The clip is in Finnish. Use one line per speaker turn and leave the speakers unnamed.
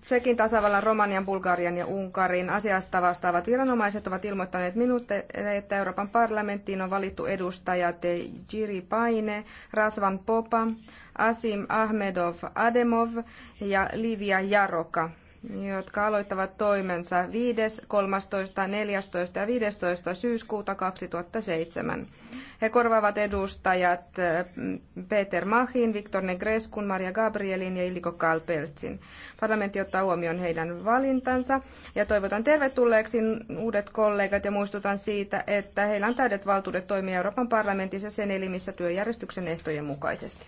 Tsekin tasavallan, Romanian, Bulgarian ja Unkarin asiasta vastaavat viranomaiset ovat ilmoittaneet minulle, että Euroopan parlamenttiin on valittu edustajat Jiri Paine, Rasvan Popa, Asim Ahmedov Ademov ja Livia Jaroka jotka aloittavat toimensa 5., 13, 14 ja 15 syyskuuta 2007. He korvaavat edustajat mm, Peter Mahin, Viktor Negreskun, Maria Gabrielin ja Ilkka Kalpeltsin. Parlamentti ottaa huomioon heidän valintansa ja toivotan tervetulleeksi uudet kollegat ja muistutan siitä, että heillä on täydet valtuudet toimia Euroopan parlamentissa sen elimissä työjärjestyksen ehtojen mukaisesti.